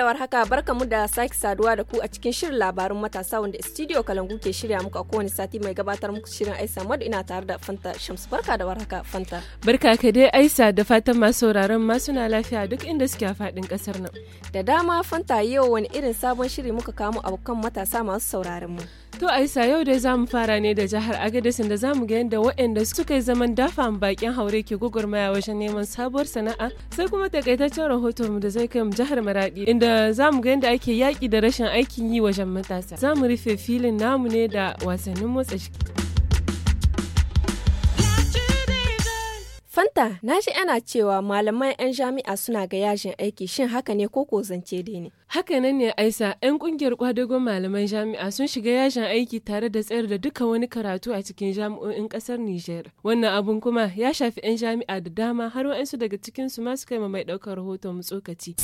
da warhaka barkamu da sake saduwa da ku a cikin shirin labarun matasa wanda studio Kalangu ke shirya muku a kowane sati mai gabatar muku shirin Aisa Madu ina tare da Fanta Shamsu barka da warhaka Fanta. Barka ka dai Aisa da fatan masu sauraron ma suna lafiya duk inda suke a faɗin kasar nan. Da dama Fanta yau wani irin sabon shiri muka kamo abokan matasa masu sauraron mu. To aisa yau dai zamu fara ne da jihar Agadez da zamu ga yadda waɗanda suka yi zaman dafa bakin haure ke gugurmaya wajen neman sabuwar sana'a sai kuma takaitaccen rahoton mu da zai kai mu jihar Maradi inda zamu ga yadda ake yaki da rashin aikin yi wajen matasa. Zamu rufe filin namu ne da wasannin motsa jiki. Fanta, na ji ana cewa malaman 'yan jami'a suna ga yajin aiki shin haka ne ko zance dai ne? Haka nan ne Aisa, 'yan kungiyar kwadagon malaman jami'a sun shiga yajin aiki tare da tsayar da duka wani karatu a cikin jami'o'in kasar niger Wannan abun kuma ya shafi 'yan jami'a da dama har wa'ansu daga cikin su ma suka mai ɗaukar rahoton tsokaci.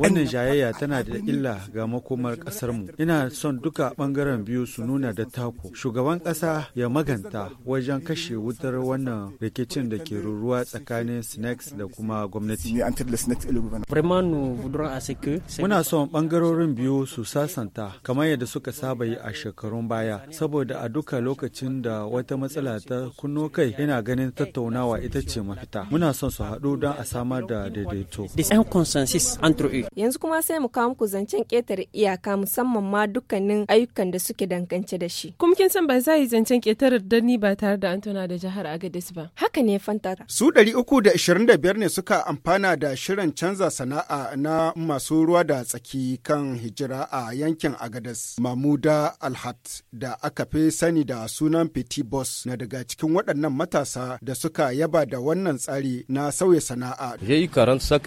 Wannan jayayya tana da illa ga makomar kasar mu. Ina son duka bangaren biyu su nuna da tako. Shugaban kasa ya maganta wajen kashe wutar wannan rikicin da ke ruru faruwa tsakanin snacks da kuma gwamnati muna son bangarorin biyu su sasanta kamar yadda suka saba yi a shekarun baya saboda a duka lokacin da wata matsala ta kunno kai yana ganin tattaunawa ita ce mafita muna son su haɗu don a samar da daidaito yanzu kuma sai mu kawo muku zancen ƙetare iyaka musamman ma dukkanin ayyukan da suke dangance da shi kuma kin san ba za yi zancen ƙetare da ni ba tare da an tuna da jihar Agadez ba haka ne fanta Su 325 ne suka amfana da shirin canza sana'a na masu ruwa da tsaki kan hijira a yankin Agadas Mamuda Alhat da aka fi sani da sunan Fiti Boss na daga cikin waɗannan matasa da suka yaba da wannan tsari na sauya sana'a.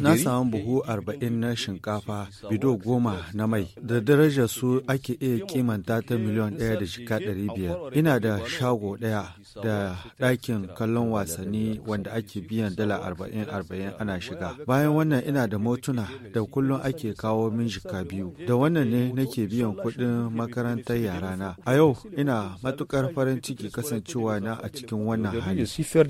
Na samu buhu 40 na shinkafa, bido goma na mai, da darajar su ake iya kimanta ta miliyan ɗaya da shika ɗari Ina da shago ɗaya da ɗakin kallon wasanni wanda ake biyan dala arba'in arba'in ana shiga bayan wannan ina da motuna da kullum ake kawo min jika biyu da wannan ne nake biyan kuɗin makarantar yarana a yau ina matukar farin ciki kasancewa na a cikin wannan hali fiye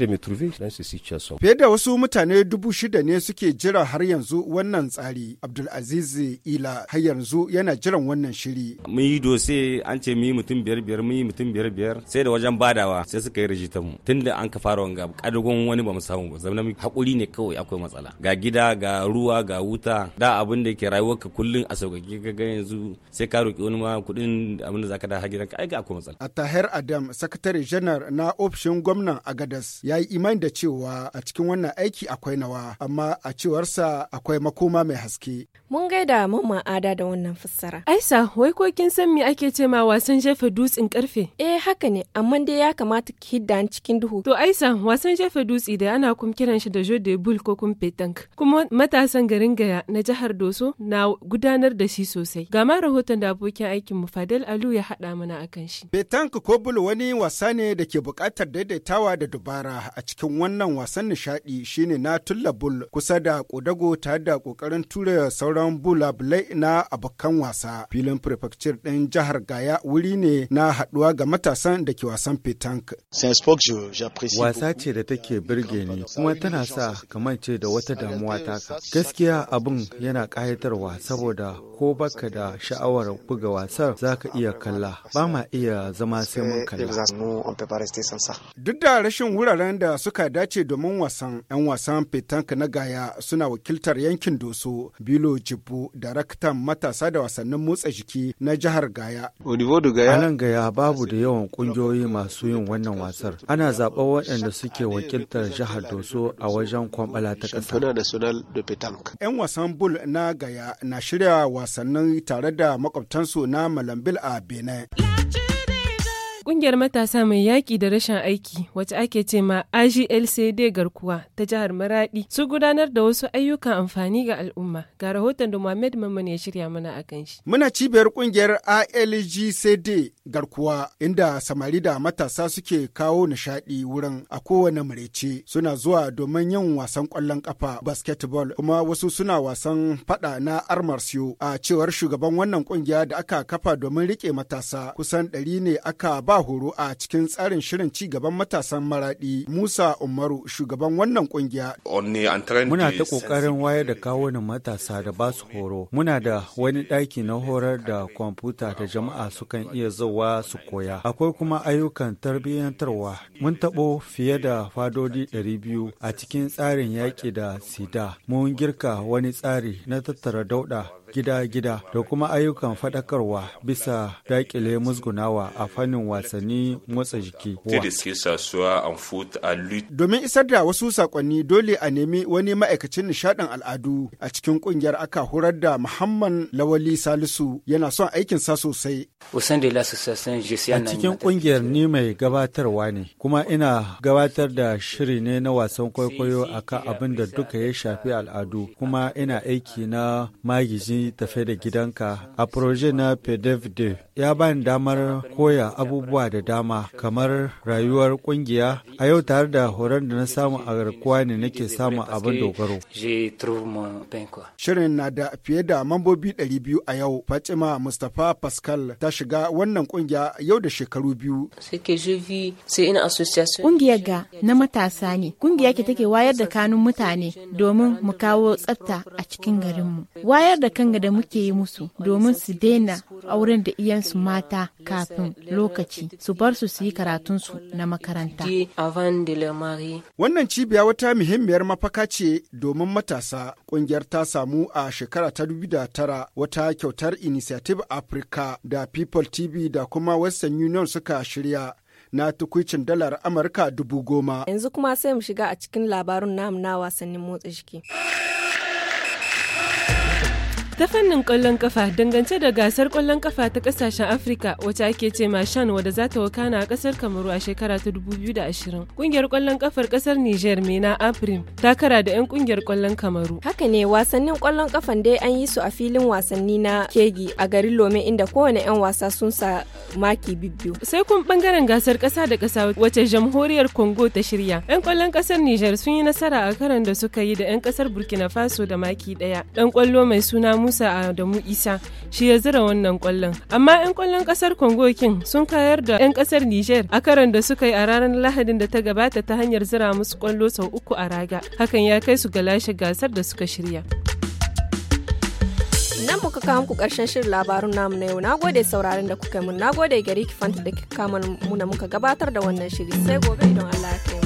da wasu mutane dubu shida ne suke jira har yanzu wannan tsari abdulaziz ila har yanzu yana jiran wannan shiri mun yi dose an ce mun yi mutum biyar biyar mun yi mutum biyar biyar sai da wajen badawa sai suka yi rijitamu. mu tunda an ka fara wanga kadugun wani ba samu ba zama hakuri ne kawai akwai matsala ga gida ga ruwa ga wuta da abin da yake ka kullum a sauƙaƙe ka ga yanzu sai ka roki wani ma kuɗin abin da zaka da hagiran ka aika akwai matsala Tahir Adam sakatare janar na ofishin gwamnan gadas. ya yi imani da cewa a cikin wannan aiki akwai nawa amma a cewarsa akwai makoma mai haske mun gaida mamma ada da wannan fassara aisa wai ko kin san me ake ce ma wasan jefa dutsen karfe eh haka ne amma dai ya kamata ki hidda cikin duhu to aisa wasan jefa dutse da ana kuma kiran shi da jeu de boule ko kuma petanque kuma matasan garin gaya na jihar doso na gudanar da shi sosai ga ma rahoton da abokin aikin mu fadel alu ya haɗa mana akan shi petanque ko bul wani wasa ne da ke buƙatar daidaitawa da dubara a cikin wannan wasan nishaɗi shine na tulla bul kusa da kodago ta da kokarin ture sauran bulabulai na abokan wasa filin prefecture ɗin jihar gaya wuri ne na haɗuwa ga matasan da ke wasan petanque wasa ce da take birge burge ni kuma tana sa ka mance da wata damuwa taka. Gaskiya abin yana ƙayatarwa saboda ko baka da sha'awar buga wasar za ka iya kalla ba ma iya zama sai mun kalla. Duk da rashin wuraren da suka dace domin wasan 'yan wasan petank na gaya suna wakiltar yankin doso bilo jibbu daraktan matasa da wasannin motsa jiki na jihar gaya. A nan gaya babu da yawan kungiyoyi masu yin wannan wasar ana zaɓa waɗanda suke wakiltar jihar Doso a wajen kwambala ta ƙasa. 'Yan wasan bul na Gaya na shirya wasannin tare da makwabtansu na Malambil a Benin. Ƙungiyar matasa mai yaƙi da rashin aiki wacce ake ce ma AGLCD garkuwa ta jihar Maradi su gudanar da wasu ayyukan amfani ga al'umma ga rahoton da Muhammad Mamman ya shirya mana a kan shi. Muna cibiyar ƙungiyar ALGCD garkuwa inda samari da matasa suke kawo nishaɗi wurin a kowane murece suna zuwa domin yin wasan ƙwallon ƙafa basketball kuma wasu suna wasan faɗa na armarsiyo a cewar shugaban wannan ƙungiya da aka kafa domin riƙe matasa kusan ɗari ne aka ba horo a cikin tsarin shirin ci gaban matasan maraɗi Musa Umaru shugaban wannan kungiya. Muna ta ƙoƙarin wayar da kawunan matasa da ba su horo. Muna da wani ɗaki na horar da kwamfuta da jama'a sukan iya zuwa su koya. Akwai kuma ayyukan tarbiyyantarwa. Mun taɓo fiye da fadodi 200 a cikin tsarin yaƙi da sida. Mun girka wani tsari na tattara dauɗa gida-gida da kuma ayyukan faɗakarwa bisa dakile musgunawa a fannin wasanni motsa jiki. Domin isar da wasu sakonni dole a nemi wani ma'aikacin nishaɗin al'adu a cikin ƙungiyar aka horar da Muhammad Lawali Salisu yana son aikinsa sosai. A cikin ƙungiyar ni mai gabatarwa ne kuma ina gabatar da shiri ne na wasan kwaikwayo akan abin da duka ya shafi al'adu kuma ina aiki na magijin tafe da gidanka a proje na pedevde ya bani damar koya abubuwa da dama kamar rayuwar kungiya a yau tare da horon da na samu a garkuwa ne nake samun abin dogaro shirin na da fiye da mambobi 200 a yau fatima mustapha pascal ta shiga wannan kungiya yau da shekaru biyu ga na matasa ne kungiya ke take wayar da kanun mutane domin mu kawo tsafta a cikin garinmu wayar da kan kiran da muke yi musu domin su daina auren da iyansu mata kafin lokaci su bar su su yi karatunsu na makaranta. Wannan cibiya wata muhimmiyar mafaka ce domin matasa kungiyar ta samu a shekara ta da tara wata kyautar Initiative Africa da People TV da kuma Western Union suka shirya na tukwicin dalar Amurka dubu goma. Yanzu kuma sai mu shiga a cikin labarun namu na wasannin motsa jiki. ta fannin kwallon kafa dangance da gasar kwallon kafa ta kasashen afirka wacce ake ce mashan wadda za ta wakana a kasar kamaru a shekara ta 2020 kungiyar kwallon kafar kasar niger mena aprim ta kara da 'yan kungiyar kwallon kamaru haka ne wasannin kwallon kafan dai an yi su a filin wasanni na kegi a garin lome inda kowane 'yan wasa sun sa maki bibbiyu sai kun bangaren gasar kasa da kasa wacce jamhuriyar congo ta shirya 'yan kwallon kasar niger sun yi nasara a karan da suka yi da 'yan kasar burkina faso da maki daya dan kwallo mai suna Musa Adamu Isa shi ya zira wannan kwallon. Amma 'yan kwallon kasar Congo kin sun kayar da 'yan kasar Niger a karan da suka yi a ranar Lahadin da ta gabata ta hanyar zira musu kwallo sau uku a raga. Hakan ya kai su ga lashe gasar da suka shirya. nan muka kawo muku karshen shirin labarun namu na yau na gode sauraron da kuka mun na gode gari ki fanta da kika kama muna muka gabatar da wannan shiri sai gobe idan Allah ya kai